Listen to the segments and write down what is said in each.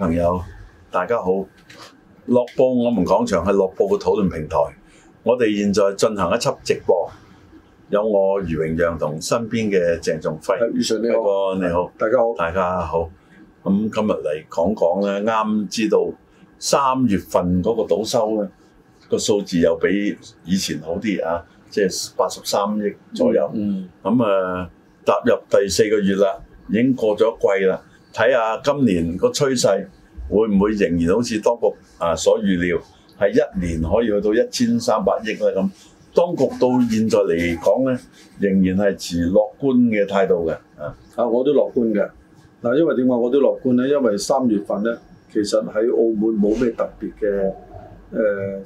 朋友，大家好！樂報我們講場係樂報嘅討論平台，我哋現在進行一輯直播，有我余榮陽同身邊嘅鄭仲輝，余 Sir 你好，大家好，大家好。咁、嗯、今日嚟講講咧，啱知道三月份嗰個賭收咧個數字又比以前好啲啊，即係八十三億左右。咁啊、嗯嗯嗯，踏入第四個月啦，已經過咗季啦。睇下今年個趨勢會唔會仍然好似當局啊所預料係一年可以去到一千三百億咧咁，當局到現在嚟講咧，仍然係持樂觀嘅態度嘅啊啊，我都樂觀嘅。嗱、啊，因為點解我都樂觀咧？因為三月份咧，其實喺澳門冇咩特別嘅誒、呃、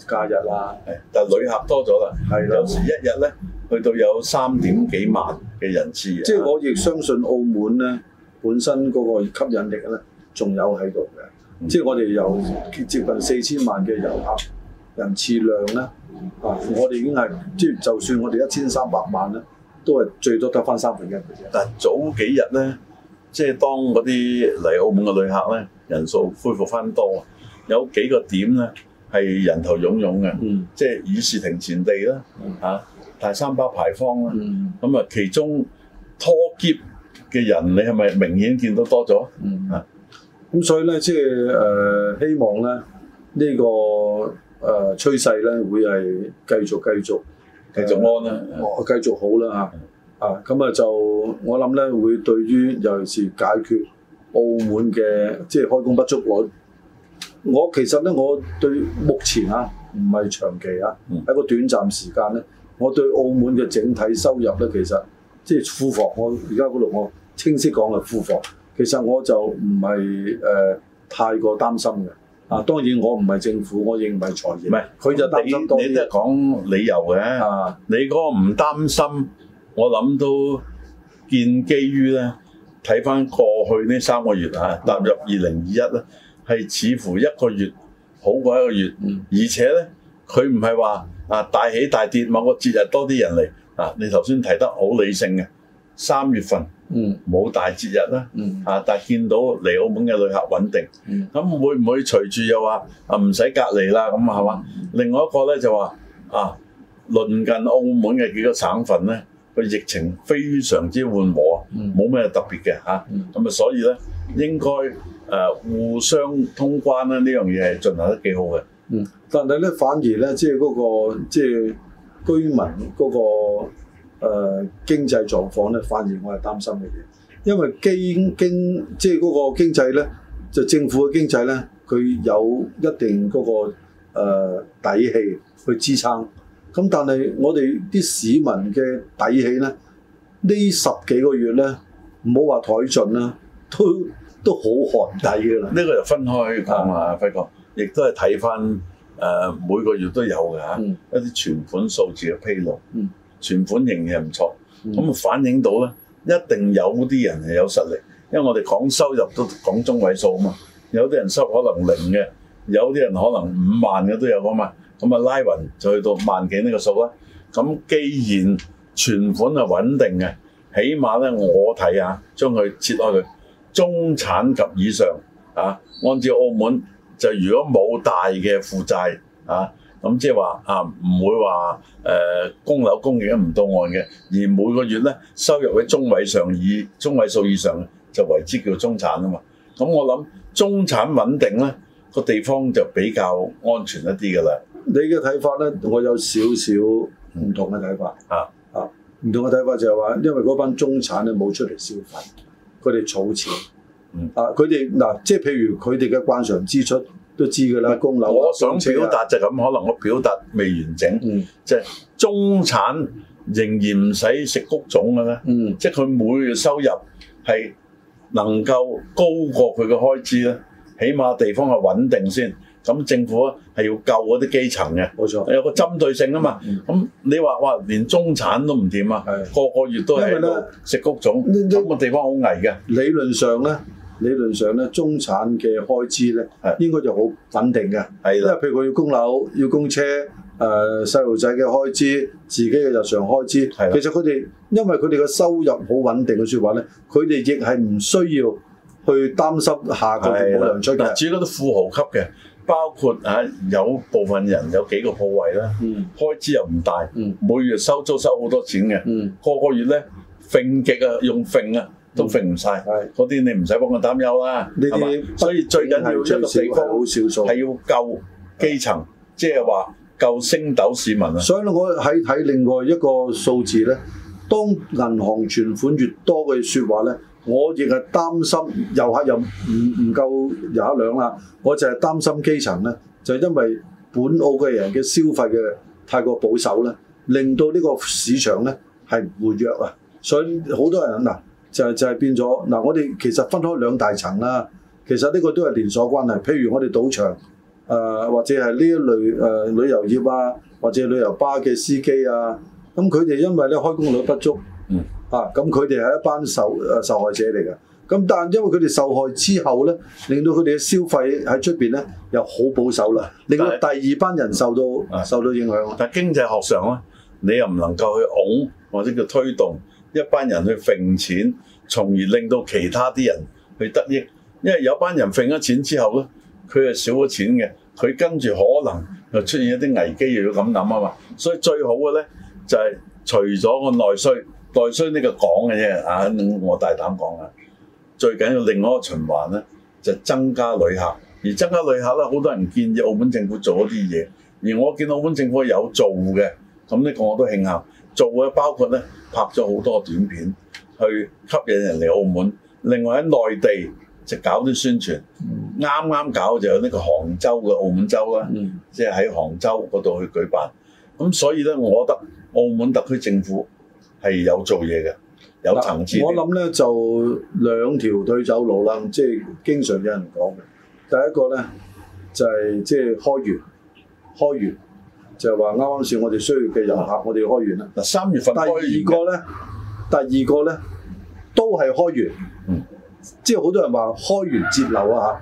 假日啊，但旅客多咗啦，係啦的，有時一日咧去到有三點幾萬嘅人次。嗯啊、即係我亦相信澳門咧。本身嗰個吸引力咧，仲有喺度嘅，嗯、即係我哋由接近四千萬嘅遊客人次量咧，嗯、我哋已經係即係就算我哋一千三百萬咧，都係最多得返三分一。但，早幾日咧，即係當嗰啲嚟澳門嘅旅客咧，人數恢復返多，有幾個點咧係人頭湧湧嘅，嗯、即係議事亭前地啦，嚇大、嗯啊、三巴牌坊啦，咁啊、嗯、其中拖劫。嘅人，你係咪明顯見到多咗？嗯啊，咁所以咧，即係誒，希望咧呢、這個誒趨勢咧會係繼續繼續繼、呃、續安啦，繼、呃、續好啦嚇、嗯、啊！咁啊就我諗咧會對於尤其是解決澳門嘅即係開工不足率，我其實咧我對目前啊唔係長期啊喺、嗯、個短暫時間咧，我對澳門嘅整體收入咧其實即係庫房我而家嗰度我。清晰講嘅庫房，其實我就唔係誒太過擔心嘅。啊，當然我唔係政府，我亦唔係財爺，唔係佢就擔心多啲。講你然理由嘅，嗯、你嗰個唔擔心，我諗都建基於咧睇翻過去呢三個月的啊，踏入二零二一咧，係似乎一個月好過一個月，嗯、而且咧佢唔係話啊大起大跌，某個節日多啲人嚟啊。你頭先提得好理性嘅三月份。嗯，冇大節日啦，嗯、啊，但係見到嚟澳門嘅旅客穩定，咁、嗯、會唔會隨住又話啊唔使隔離啦咁啊係嘛？嗯、另外一個咧就話啊，鄰近澳門嘅幾個省份咧個疫情非常之緩和，冇咩、嗯、特別嘅嚇，咁啊、嗯、所以咧應該誒、呃、互相通關咧呢樣嘢係進行得幾好嘅、嗯，但係咧反而咧即係嗰個即係、即係、居民嗰、個。誒、呃、經濟狀況咧，反而我係擔心嘅嘢，因為經經即係嗰個經濟咧，就政府嘅經濟咧，佢有一定嗰、那個、呃、底氣去支撐。咁但係我哋啲市民嘅底氣咧，呢十幾個月咧，唔好話殆盡啦，都都好寒底噶啦。呢個又分開講啦，輝哥，啊、亦都係睇返誒每個月都有㗎吓，嗯、一啲存款數字嘅披露。嗯存款型嘅唔錯，咁啊反映到咧，一定有啲人係有實力，因為我哋講收入都講中位數啊嘛，有啲人收可能零嘅，有啲人可能五萬嘅都有啊嘛，咁啊拉勻就去到萬幾呢個數啦。咁既然存款係穩定嘅，起碼咧我睇下將佢切開佢中產及以上啊，按照澳門就如果冇大嘅負債啊。咁即係話啊，唔會話、呃、供樓供嘅唔到岸嘅，而每個月咧收入喺中位上以中位數以上就為之叫中產啊嘛。咁我諗中產穩定咧個地方就比較安全一啲㗎啦。你嘅睇法咧，我有少少唔同嘅睇法。啊、嗯嗯、啊，唔、啊、同嘅睇法就係話，因為嗰班中產咧冇出嚟消費，佢哋儲錢。嗯啊，佢哋嗱，即係譬如佢哋嘅慣常支出。都知噶啦，供樓、我想表達就咁，嗯、可能我表達未完整，即係、嗯、中產仍然唔使食谷種嘅咧，嗯、即係佢每月收入係能夠高過佢嘅開支咧，起碼地方係穩定先。咁政府啊係要救嗰啲基層嘅，冇錯，有個針對性啊嘛。咁、嗯、你話哇，連中產都唔掂啊，是的 個個月都係為食谷種，咁嘅你地方好危嘅。理論上咧。理論上咧，中產嘅開支咧，應該就好穩定嘅。的因為譬如佢要供樓、要供車、誒細路仔嘅開支、自己嘅日常開支，的其實佢哋因為佢哋嘅收入好穩定嘅説話咧，佢哋亦係唔需要去擔心下個月冇糧出嘅。至於嗰啲富豪級嘅，包括嚇、啊、有部分人有幾個鋪位啦，嗯、開支又唔大，嗯、每月收租收好多錢嘅，個、嗯、個月咧揈極啊，用揈啊！都揈唔晒嗰啲，是那些你唔使幫我擔憂啊。呢啲所以最緊要出到地方，係要救基層，即係話救升斗市民啊。所以我喺睇另外一個數字咧，當銀行存款越多嘅説話咧，我亦係擔心遊客又唔唔夠遊客量啦。我就係擔心基層咧，就係、是、因為本澳嘅人嘅消費嘅太過保守咧，令到呢個市場咧係唔活躍啊。所以好多人啊。就係就係變咗嗱，我哋其實分開兩大層啦。其實呢個都係連鎖關係。譬如我哋賭場，呃、或者係呢一類誒、呃、旅遊業啊，或者旅遊巴嘅司機啊，咁佢哋因為咧開工率不足，嗯、啊，咁佢哋係一班受受害者嚟嘅。咁但係因為佢哋受害之後咧，令到佢哋嘅消費喺出邊咧又好保守啦，令到第二班人受到是受到影響。但係經濟學上咧，你又唔能夠去拱或者叫推動。一班人去揈錢，從而令到其他啲人去得益，因為有班人揈咗錢之後咧，佢係少咗錢嘅，佢跟住可能就出現一啲危機，又要咁諗啊嘛。所以最好嘅咧就係除咗個內需，內需呢個講嘅啫啊，我大膽講啦，最緊要另外一個循環咧就增加旅客，而增加旅客咧，好多人建議澳門政府做一啲嘢，而我見澳門政府有做嘅，咁呢個我都慶幸。做咧包括咧拍咗好多短片去吸引人嚟澳門，另外喺內地就搞啲宣傳，啱啱、嗯、搞就有呢個杭州嘅澳門周啦，即係喺杭州嗰度去舉辦。咁所以咧，我覺得澳門特區政府係有做嘢嘅，有層次。我諗咧就兩條腿走路啦，即係經常有人講嘅。第一個咧就係即係開源，開源。就係話啱啱先，我哋需要嘅遊客，我哋要開源啦。嗱，三月份第二個咧，第二個咧都係開源，嗯，即係好多人話開源節流啊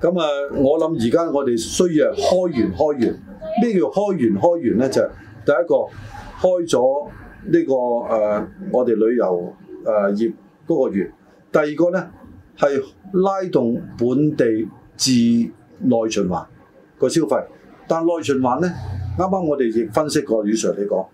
嚇。咁啊，我諗而家我哋需要開源開源，咩叫開源開源咧？就係、第一個開咗呢、這個誒、呃，我哋旅遊誒業嗰個源。第二個咧係拉動本地自內循環個消費，但內循環咧。啱啱我哋亦分析過，余 Sir 你講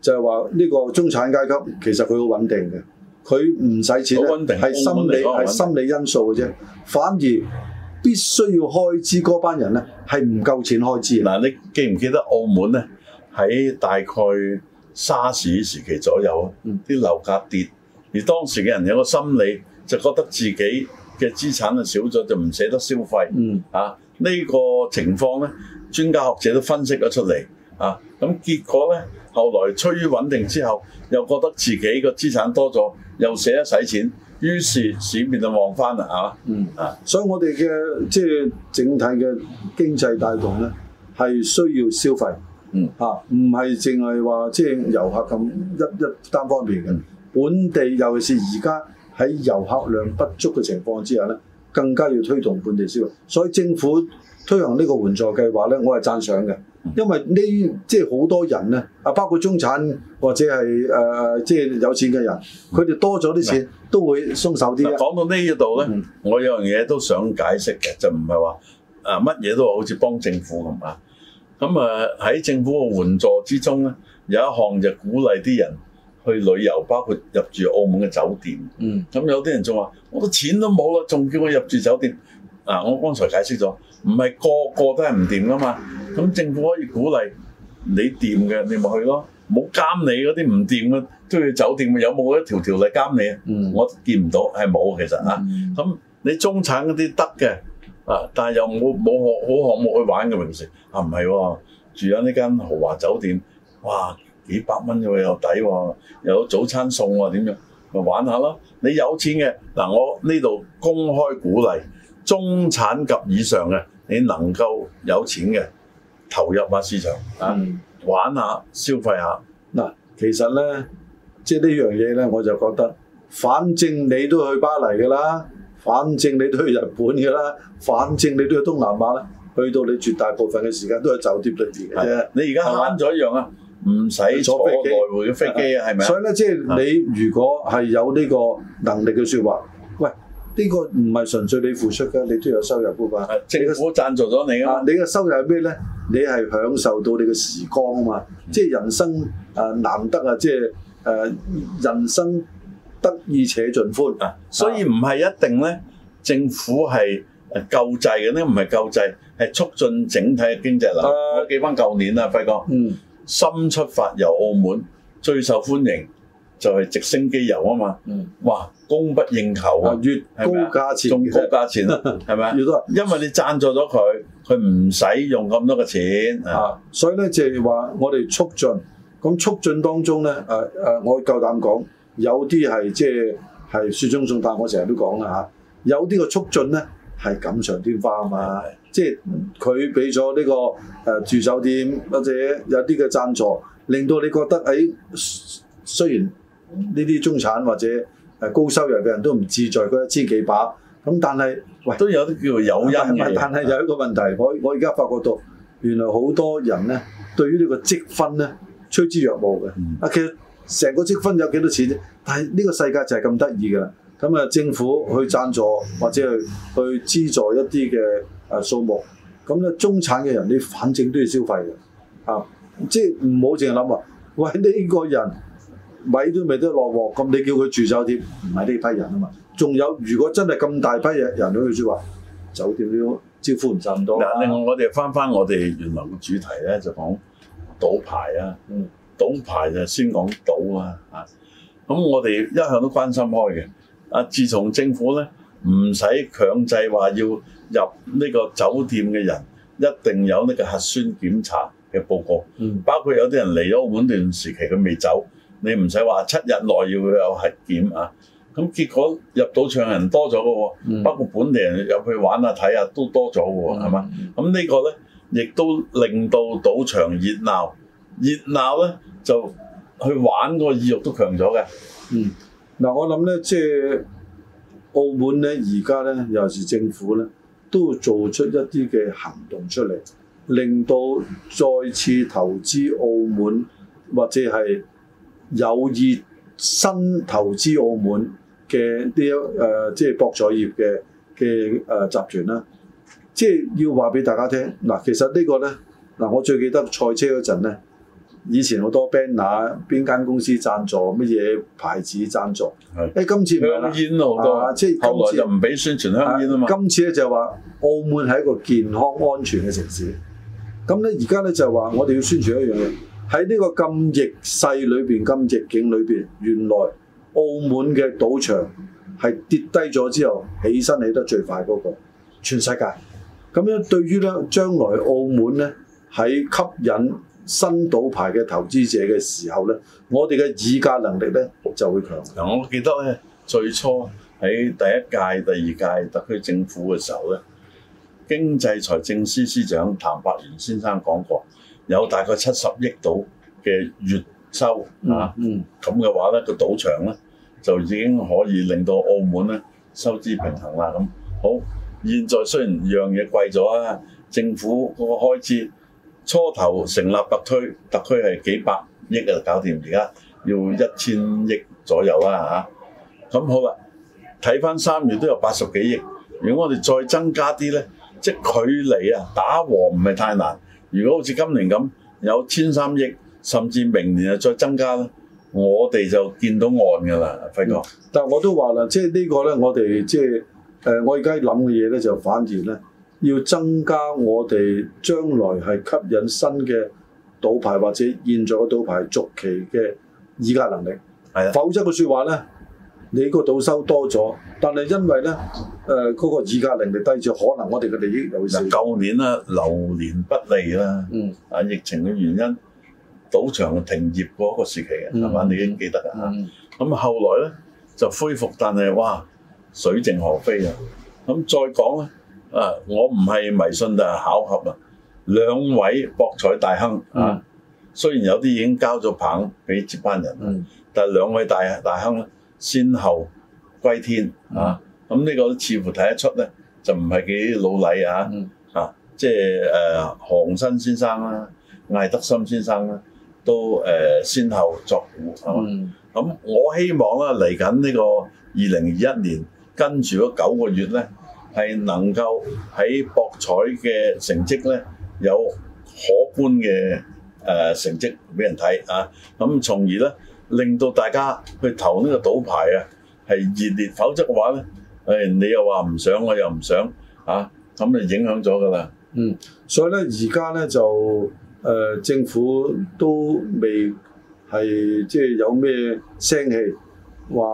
就係話呢個中產階級其實佢好穩定嘅，佢唔使錢咧，穩定，係心理係心理因素嘅啫。反而必須要開支嗰班人咧，係唔夠錢開支。嗱、嗯，你記唔記得澳門咧喺大概沙士時期左右，啲樓價跌，而當時嘅人有個心理就覺得自己嘅資產啊少咗，就唔捨得消費。嗯，啊呢、這個情況咧。專家學者都分析咗出嚟啊，咁、啊、結果咧，後來趨於穩定之後，又覺得自己個資產多咗，又捨得使錢，於是市面就旺翻啦嚇，啊嗯啊，所以我哋嘅即係整體嘅經濟帶動呢，係需要消費，嗯啊，唔係淨係話即係遊客咁一一單方面嘅，本地尤其是而家喺遊客量不足嘅情況之下呢，更加要推動本地消費，所以政府，推行呢個援助計劃咧，我係讚賞嘅，因為呢即係好多人咧，啊包括中產或者係誒、呃、即係有錢嘅人，佢哋多咗啲錢、嗯、都會鬆手啲。講、嗯、到這裏呢一度咧，嗯、我有樣嘢都想解釋嘅，就唔係話啊乜嘢都好似幫政府咁啊。咁啊喺政府嘅援助之中咧，有一項就鼓勵啲人去旅遊，包括入住澳門嘅酒店。嗯，咁有啲人仲話：我都錢都冇啦，仲叫我入住酒店。啊，我剛才解釋咗。唔係個個都係唔掂噶嘛，咁政府可以鼓勵你掂嘅，你咪去咯。冇監你嗰啲唔掂嘅，都要去酒店嘅？有冇一條條例監你、嗯、啊？嗯，我見唔到係冇其實啊。咁你中產嗰啲得嘅啊，但係又冇冇項冇項目去玩嘅平時啊，唔係喎，住喺呢間豪華酒店，哇幾百蚊喎又抵喎，有早餐送喎、啊、點樣？玩下咯。你有錢嘅嗱、啊，我呢度公開鼓勵中產及以上嘅。你能夠有錢嘅投入下市場啊，嗯、玩下消費下嗱，其實咧即係呢樣嘢咧，我就覺得，反正你都去巴黎㗎啦，反正你都去日本㗎啦，反正你都去東南亞啦，去到你絕大部分嘅時間都喺酒店入面嘅啫。是的你而家慳咗一樣啊，唔使的坐飛機來回嘅飛機啊，係咪？所以咧，的即係你如果係有呢個能力嘅説話。呢個唔係純粹你付出嘅，你都有收入嘅嘛、啊。政府贊助咗你啊！啊你嘅收入係咩咧？你係享受到你嘅時光啊嘛。嗯、即係人生誒難得啊，即係誒、呃、人生得意且盡歡。啊啊、所以唔係一定咧，政府係救濟嘅呢，唔係救濟，係促進整體嘅經濟啦。啊、記翻舊年啦，輝哥，嗯、深出發由澳門最受歡迎。就係直升機油啊嘛，哇，供不應求啊，越高價錢，錢，仲高價錢，係咪啊？越多，因為你贊助咗佢，佢唔使用咁多嘅錢、嗯、啊，所以咧就係、是、話我哋促進，咁促進當中咧，誒、呃、誒，我夠膽講，有啲係即係雪中送炭，我成日都講啦嚇，有啲嘅促進咧係錦上添花啊嘛，即係佢俾咗呢個誒、呃、住酒店或者有啲嘅贊助，令到你覺得誒雖然呢啲中產或者誒高收入嘅人都唔志在，嗰一千幾百咁，但係喂都有啲叫做有，係咪？但係有一個問題，啊、我我而家發覺到原來好多人咧對於呢個積分咧趨之若鶩嘅，啊、嗯、其實成個積分有幾多錢啫？但係呢個世界就係咁得意嘅啦。咁啊，政府去贊助或者去去資助一啲嘅誒數目，咁咧中產嘅人你反正都要消費嘅，啊即係唔好淨係諗話，喂呢、呢個人。米都未得落鑊，咁你叫佢住酒店，唔係呢批人啊嘛。仲有，如果真係咁大批人，人去住話，酒店都招呼唔到咁多了。另外我哋翻翻我哋原來嘅主題咧，就講賭牌啊，賭牌就先講賭啊。啊，咁我哋一向都關心開嘅。啊，自從政府咧唔使強制話要入呢個酒店嘅人一定有呢個核酸檢查嘅報告，嗯、包括有啲人嚟咗，澳門段時期佢未走。你唔使話七日內要有核檢啊！咁結果入賭場人多咗嘅喎，包括本地人入去玩啊睇下、啊、都多咗喎，係嘛？咁呢個咧亦都令到賭場熱鬧，熱鬧咧就去玩、個意欲都強咗嘅。嗯，嗱我諗咧，即係澳門咧而家咧尤其是政府咧，都做出一啲嘅行動出嚟，令到再次投資澳門或者係。有意新投資澳門嘅啲一誒，即、呃就是、博彩業嘅嘅、呃、集團啦，即、就、係、是、要話俾大家聽嗱，其實這個呢個咧嗱，我最記得賽車嗰陣咧，以前好多 banner，邊間、啊、公司贊助乜嘢牌子贊助，誒是、欸、今次唔香煙都好多，即係說、啊、就唔、是、俾宣傳香煙啊嘛。今次咧就係話澳門係一個健康安全嘅城市，咁咧而家咧就係、是、話我哋要宣傳一樣嘢。喺呢個咁逆勢裏邊、咁逆境裏邊，原來澳門嘅賭場係跌低咗之後，起身起得最快嗰，那個全世界。咁樣對於咧，將來澳門咧喺吸引新賭牌嘅投資者嘅時候咧，我哋嘅議價能力咧就會強。我記得咧，最初喺第一屆、第二屆特區政府嘅時候咧，經濟財政司司長譚伯源先生講過。有大概七十億度嘅月收嚇，咁嘅、嗯、話呢個賭場呢，就已經可以令到澳門呢收支平衡啦。咁好，現在雖然樣嘢貴咗啊，政府嗰個開支初頭成立特區，特區係幾百億嘅，搞掂，而家要一千億左右啦嚇。咁、啊、好啦，睇返三月都有八十幾億，如果我哋再增加啲呢，即距離啊打和唔係太難。如果好似今年咁有千三億，甚至明年又再增加咧，我哋就見到岸㗎啦，輝哥。嗯、但係我都話啦，即係呢個咧、呃，我哋即係誒，我而家諗嘅嘢咧，就反而咧要增加我哋將來係吸引新嘅賭牌或者現在嘅賭牌續期嘅議價能力。係啦的，否則嘅説話咧。你個賭收多咗，但係因為咧，誒、呃、嗰、那個議價能力低咗，可能我哋嘅利益又會少。舊年啦，流年不利啦，嗯，啊疫情嘅原因，賭場停業嗰個時期嘅係嘛，嗯、你已經記得啦嚇。咁、嗯啊、後來咧就恢復，但係哇，水靜河飛啊。咁再講咧，誒、啊、我唔係迷信嘅巧合啊，兩位博彩大亨啊,啊，雖然有啲已經交咗棒俾接班人、嗯、但係兩位大大亨咧。先後歸天啊！咁呢、嗯、個似乎睇得出呢就唔係幾老禮啊！啊，即係誒，韓、呃、新先生啦、啊，艾德森先生啦、啊，都、呃、先後作古啊咁、嗯、我希望啦、啊，嚟緊呢個二零二一年跟住嗰九個月呢，係能夠喺博彩嘅成績呢，有可觀嘅、呃、成績俾人睇啊！咁從而呢。令到大家去投呢個賭牌啊，係熱烈，否則嘅話咧，誒你又話唔想，我又唔想啊，咁就影響咗㗎啦。嗯，所以咧而家咧就誒、呃、政府都未係即係有咩聲氣話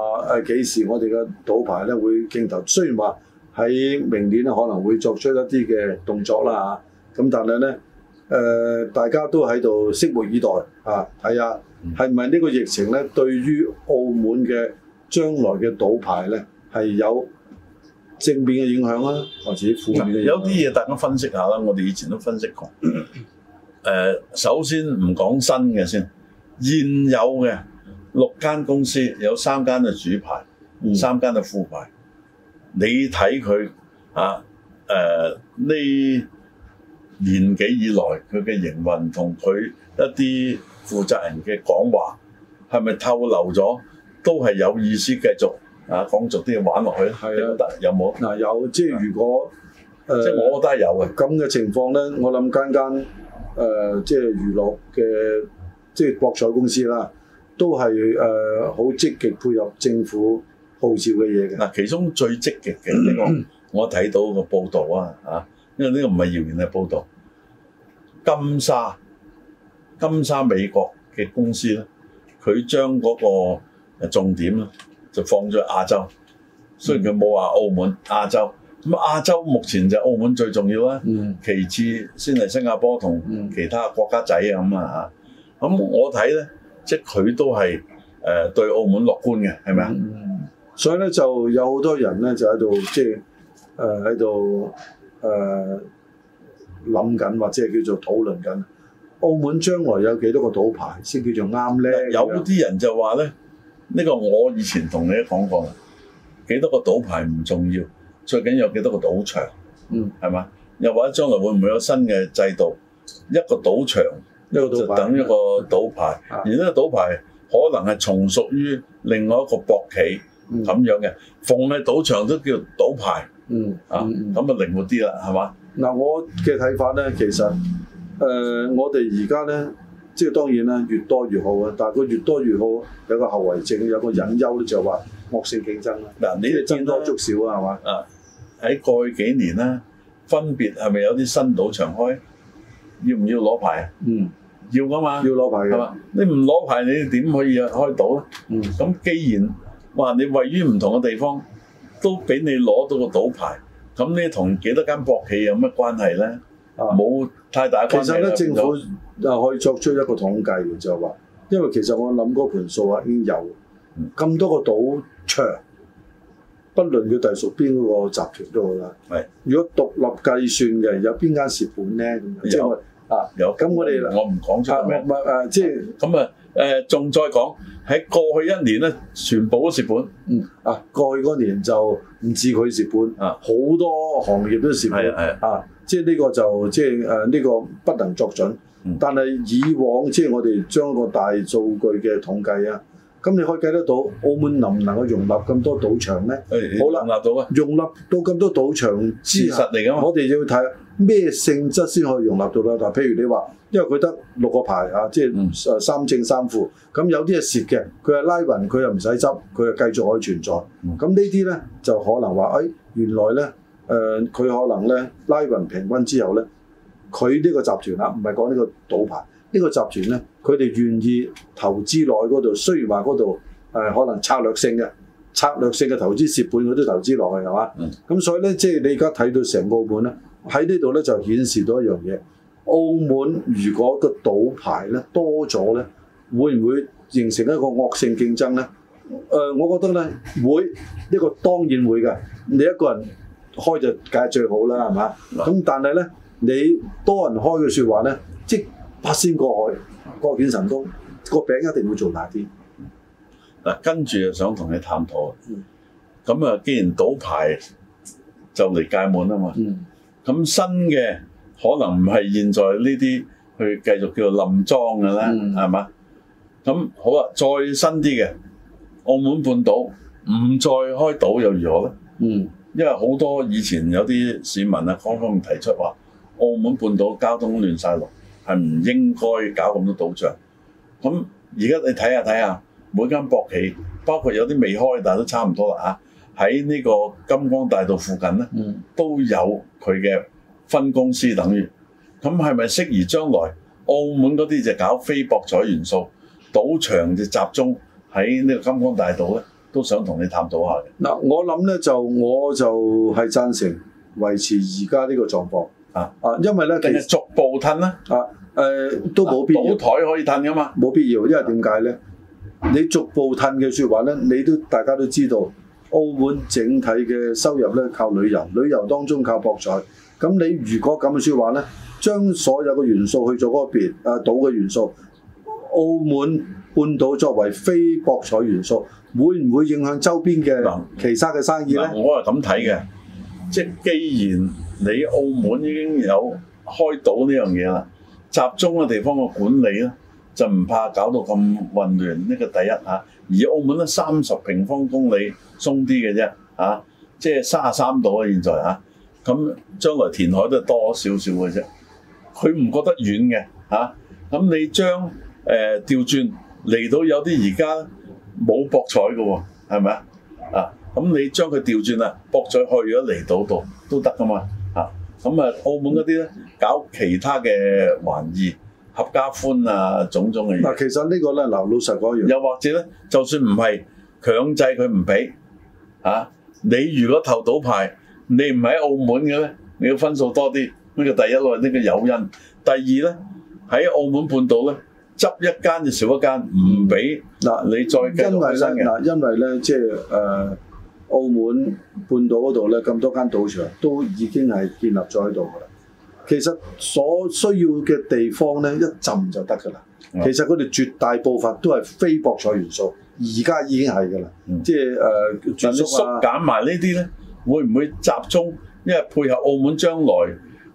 誒幾時我哋嘅賭牌咧會競投，雖然話喺明年咧可能會作出一啲嘅動作啦嚇，咁、啊、但係咧。呃、大家都喺度拭目以待啊！係呀，係咪呢個疫情咧，對於澳門嘅將來嘅賭牌咧，係有正面嘅影響啦、啊，或者負面嘅、啊？有啲嘢大家分析下啦，我哋以前都分析過。呃、首先唔講新嘅先，現有嘅六間公司有三間係主牌，三間係副牌、嗯、牌。你睇佢啊，誒、呃、呢，你年紀以來，佢嘅營運同佢一啲負責人嘅講話是不是，係咪透漏咗都係有意思？繼續啊，講續啲嘢玩落去咧，得、啊、有冇嗱、啊？有即係如果誒，即係我覺得係有嘅。咁嘅情況咧，我諗間間誒，即係娛樂嘅即係博彩公司啦，都係誒好積極配合政府號召嘅嘢嘅。嗱、啊，其中最積極嘅呢、嗯、哼個我看的，我睇到個報導啊，嚇。因為呢個唔係謠言嘅報道，金沙、金沙美國嘅公司咧，佢將嗰個重點咧就放咗去亞洲，雖然佢冇話澳門、亞洲，咁亞洲目前就澳門最重要啦，其次先係新加坡同其他國家仔啊咁啊嚇。咁我睇咧，即係佢都係誒對澳門樂觀嘅，係咪啊？所以咧就有好多人咧就喺度即係誒喺度。就係呃喺度誒諗緊或者叫做討論緊，澳門將來有幾多個賭牌先叫做啱咧？有啲人就話咧，呢、這個我以前同你講過啦，幾多個賭牌唔重要，最緊要有幾多個賭場，嗯，係嘛？又或者將來會唔會有新嘅制度？一個賭場，一個就等一個賭牌，而呢個賭牌可能係從屬於另外一個博企咁、嗯、樣嘅，逢係賭場都叫賭牌。嗯啊咁啊靈活啲啦，係嘛？嗱、嗯，我嘅睇法咧，其實誒、呃，我哋而家咧，即係當然啦，越多越好啊！但係佢越多越好，有個後遺症，有個隱憂咧，就係話惡性競爭啦。嗱、嗯，你哋爭多足少啊，係嘛？啊，喺過去幾年啦，分別係咪有啲新賭場開？要唔要攞牌啊？嗯，要㗎嘛，要攞牌㗎嘛。你唔攞牌，你點可以開賭咧？嗯，咁既然話你位於唔同嘅地方。都俾你攞到個賭牌，咁你同幾多間博企有咩關係咧？冇、啊、太大關係呢。其實咧，有有政府又可以作出一個統計嘅，就話，因為其實我諗嗰盤數啊已經有咁、嗯、多個賭場，不論要隸屬邊個集團都好啦。係是。如果獨立計算嘅，有邊間蝕本咧？即係有啊，有。咁我哋我唔講出咩唔即係咁啊。誒仲再講喺過去一年咧，全部都蝕本。嗯啊，過去嗰年就唔止佢蝕本啊，好多行業都蝕本啊。即係呢個就即係誒呢個不能作準。嗯、但係以往即係、就是、我哋將一個大數據嘅統計啊。咁你可以計得到，澳門能唔能夠容納咁多賭場咧？哎、能立場好啦，容納到啊！容納到咁多賭場之嘛？事實啊、我哋要睇咩性質先可以容納到呢嗱，譬如你話，因為佢得六個牌啊，即係三正三副，咁、嗯、有啲係蝕嘅，佢係拉勻，佢又唔使執，佢又繼續可以存在。咁、嗯、呢啲咧就可能話，誒、哎、原來咧佢、呃、可能咧拉勻平均之後咧，佢呢個集團啊，唔係講呢個賭牌。呢個集團呢，佢哋願意投資落去嗰度，雖然話嗰度誒，可能策略性嘅策略性嘅投資蝕本，佢都投資落去係嘛？咁、嗯、所以呢，即係你而家睇到成澳門呢，喺呢度呢，就顯示到一樣嘢：澳門如果個賭牌呢多咗呢，會唔會形成一個惡性競爭呢？誒、呃，我覺得呢，會，呢、呢個當然會㗎。你一個人開就梗係最好啦，係嘛？咁是的 但係呢，你多人開嘅説話呢。即八仙過海，各顯神功，個餅一定會做大啲。嗱，跟住又想同你探討。咁啊、嗯，既然賭牌就嚟屆滿啊嘛。咁、嗯、新嘅可能唔係現在呢啲去繼續叫做臨裝嘅啦，係嘛、嗯？咁好啊，再新啲嘅，澳門半島唔再開賭又如何咧？嗯，因為好多以前有啲市民啊，剛剛提出話澳門半島交通亂晒路。係唔應該搞咁多賭場？咁而家你睇下睇下，每間博企，包括有啲未開，但係都差唔多啦嚇。喺呢個金光大道附近咧，都有佢嘅分公司，等於咁係咪適宜將來澳門嗰啲就搞非博彩元素，賭場就集中喺呢個金光大道咧？都想同你探討一下嘅。嗱，我諗咧就我就係贊成維持而家呢個狀況啊啊，因為咧定係逐步吞啦啊。誒、呃、都冇必要，賭台可以褪噶嘛？冇必要，因為點解咧？你逐步褪嘅說話咧，你都大家都知道，澳門整體嘅收入咧靠旅遊，旅遊當中靠博彩。咁你如果咁嘅說話咧，將所有嘅元素去做嗰個別啊賭嘅元素，澳門半島作為非博彩元素，會唔會影響周邊嘅其他嘅生意咧？我係咁睇嘅，即係既然你澳門已經有開賭呢樣嘢啦。集中嘅地方嘅管理咧，就唔怕搞到咁混亂呢、呢個第一嚇、啊。而澳門咧三十平方公里，鬆啲嘅啫嚇，即係三啊三度啊，現在嚇，咁將來填海都係多少少嘅啫。佢唔覺得遠嘅嚇，咁你將誒調轉嚟到有啲而家冇博彩嘅喎，係咪啊？啊，咁、啊啊、你將佢調轉啦，博彩去咗離島度都得噶嘛。咁啊，澳門嗰啲咧搞其他嘅玩意，合家歡啊，種種嘅嗱，其實呢個咧，嗱老實講，又或者咧，就算唔係強制佢唔俾嚇，你如果投到牌，你唔喺澳門嘅咧，你要分數多啲，呢、呢個第一個呢、呢個誘因。第二咧，喺澳門半島咧執一間就少一間，唔俾嗱你再繼續生嘅。因為咧，即係誒。就是呃澳門半島嗰度咧，咁多間賭場都已經係建立咗喺度噶啦。其實所需要嘅地方咧一浸就得噶啦。嗯、其實佢哋絕大部分都係非博彩元素，而家已經係噶啦。嗯、即係誒，呃縮啊、縮減埋呢啲咧，會唔會集中？因為配合澳門將來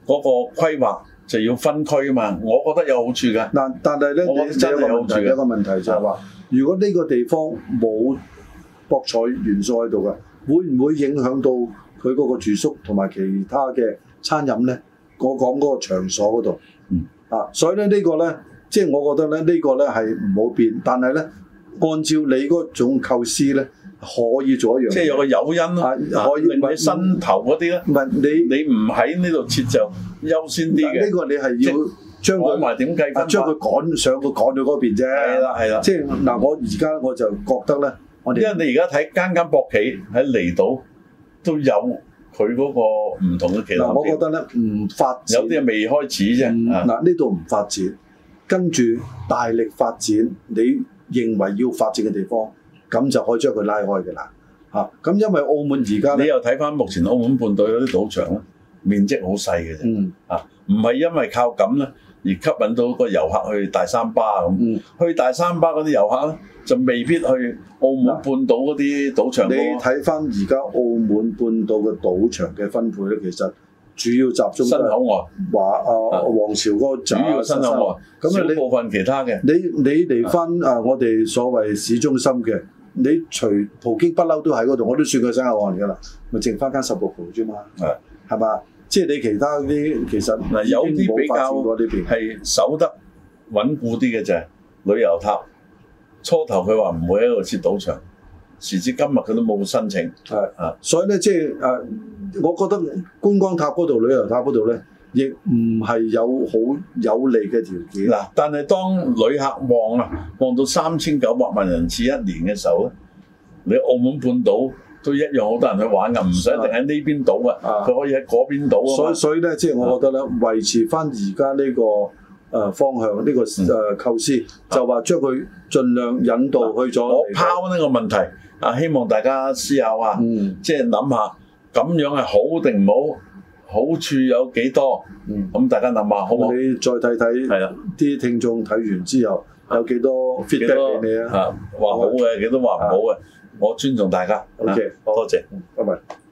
嗰個規劃就要分區啊嘛。我覺得有好處嘅。嗱呢，但係咧，我覺得真係有第一、嗯、一個問題就係、是、話，如果呢個地方冇博彩元素喺度嘅，會唔會影響到佢嗰個住宿同埋其他嘅餐飲咧？過港嗰個場所嗰度，嗯啊，所以咧呢個咧，即係我覺得咧，呢個咧係唔好變，但係咧，按照你嗰種構思咧，可以做一樣的，即係有個誘因咯、啊，可以令你新投嗰啲咧，唔係、啊、你你唔喺呢度設就優先啲呢、啊呢個你係要即將佢埋點計法、啊，將佢趕上佢趕到嗰邊啫。係啦係啦，即係嗱，我而家我就覺得咧。因為你而家睇間間博企喺離島都有佢嗰個唔同嘅騎樓，我覺得咧，唔發展，有啲係未開始啫。嗱、嗯，呢度唔發展，跟住大力發展，你認為要發展嘅地方，咁就可以將佢拉開嘅啦。嚇，咁因為澳門而家，你又睇翻目前澳門半島嗰啲賭場咧，面積好細嘅啫。嗯，嚇，唔係因為靠咁咧。而吸引到個遊客去大三巴咁、嗯，去大三巴嗰啲遊客咧就未必去澳門半島嗰啲賭場。你睇翻而家澳門半島嘅賭場嘅分配咧，其實主要集中喺新口岸。話啊黃朝哥主要喺新口岸，咁你部分其他嘅，你你嚟翻啊我哋所謂市中心嘅，的你除葡京不嬲都喺嗰度，我都算佢新口岸嚟㗎啦，咪剩翻間十六浦啫嘛，係咪的？即係你其他嗰啲，其實嗱有啲比較係守得穩固啲嘅啫。旅遊塔初頭佢話唔會喺度設賭場，時至今日佢都冇申請。係的啊，所以咧即係誒、啊，我覺得觀光塔嗰度、旅遊塔嗰度咧，亦唔係有好有利嘅條件。嗱、啊，但係當旅客旺啊，旺到三千九百萬人次一年嘅時候咧，你澳門半島，都一樣好多人去玩噶，唔使一定喺呢邊賭噶，佢可以喺嗰邊賭啊嘛。所以所以咧，即係我覺得咧，維持翻而家呢個誒方向，呢個誒構思，就話將佢儘量引導去咗。我拋呢個問題啊，希望大家思考啊，即係諗下咁樣係好定唔好？好處有幾多？咁大家諗下可唔可以再睇睇啲聽眾睇完之後有幾多 feedback 俾你啊？話好嘅幾多，話唔好嘅。我尊重大家。Okay. 多謝多謝。Oh. Bye-bye.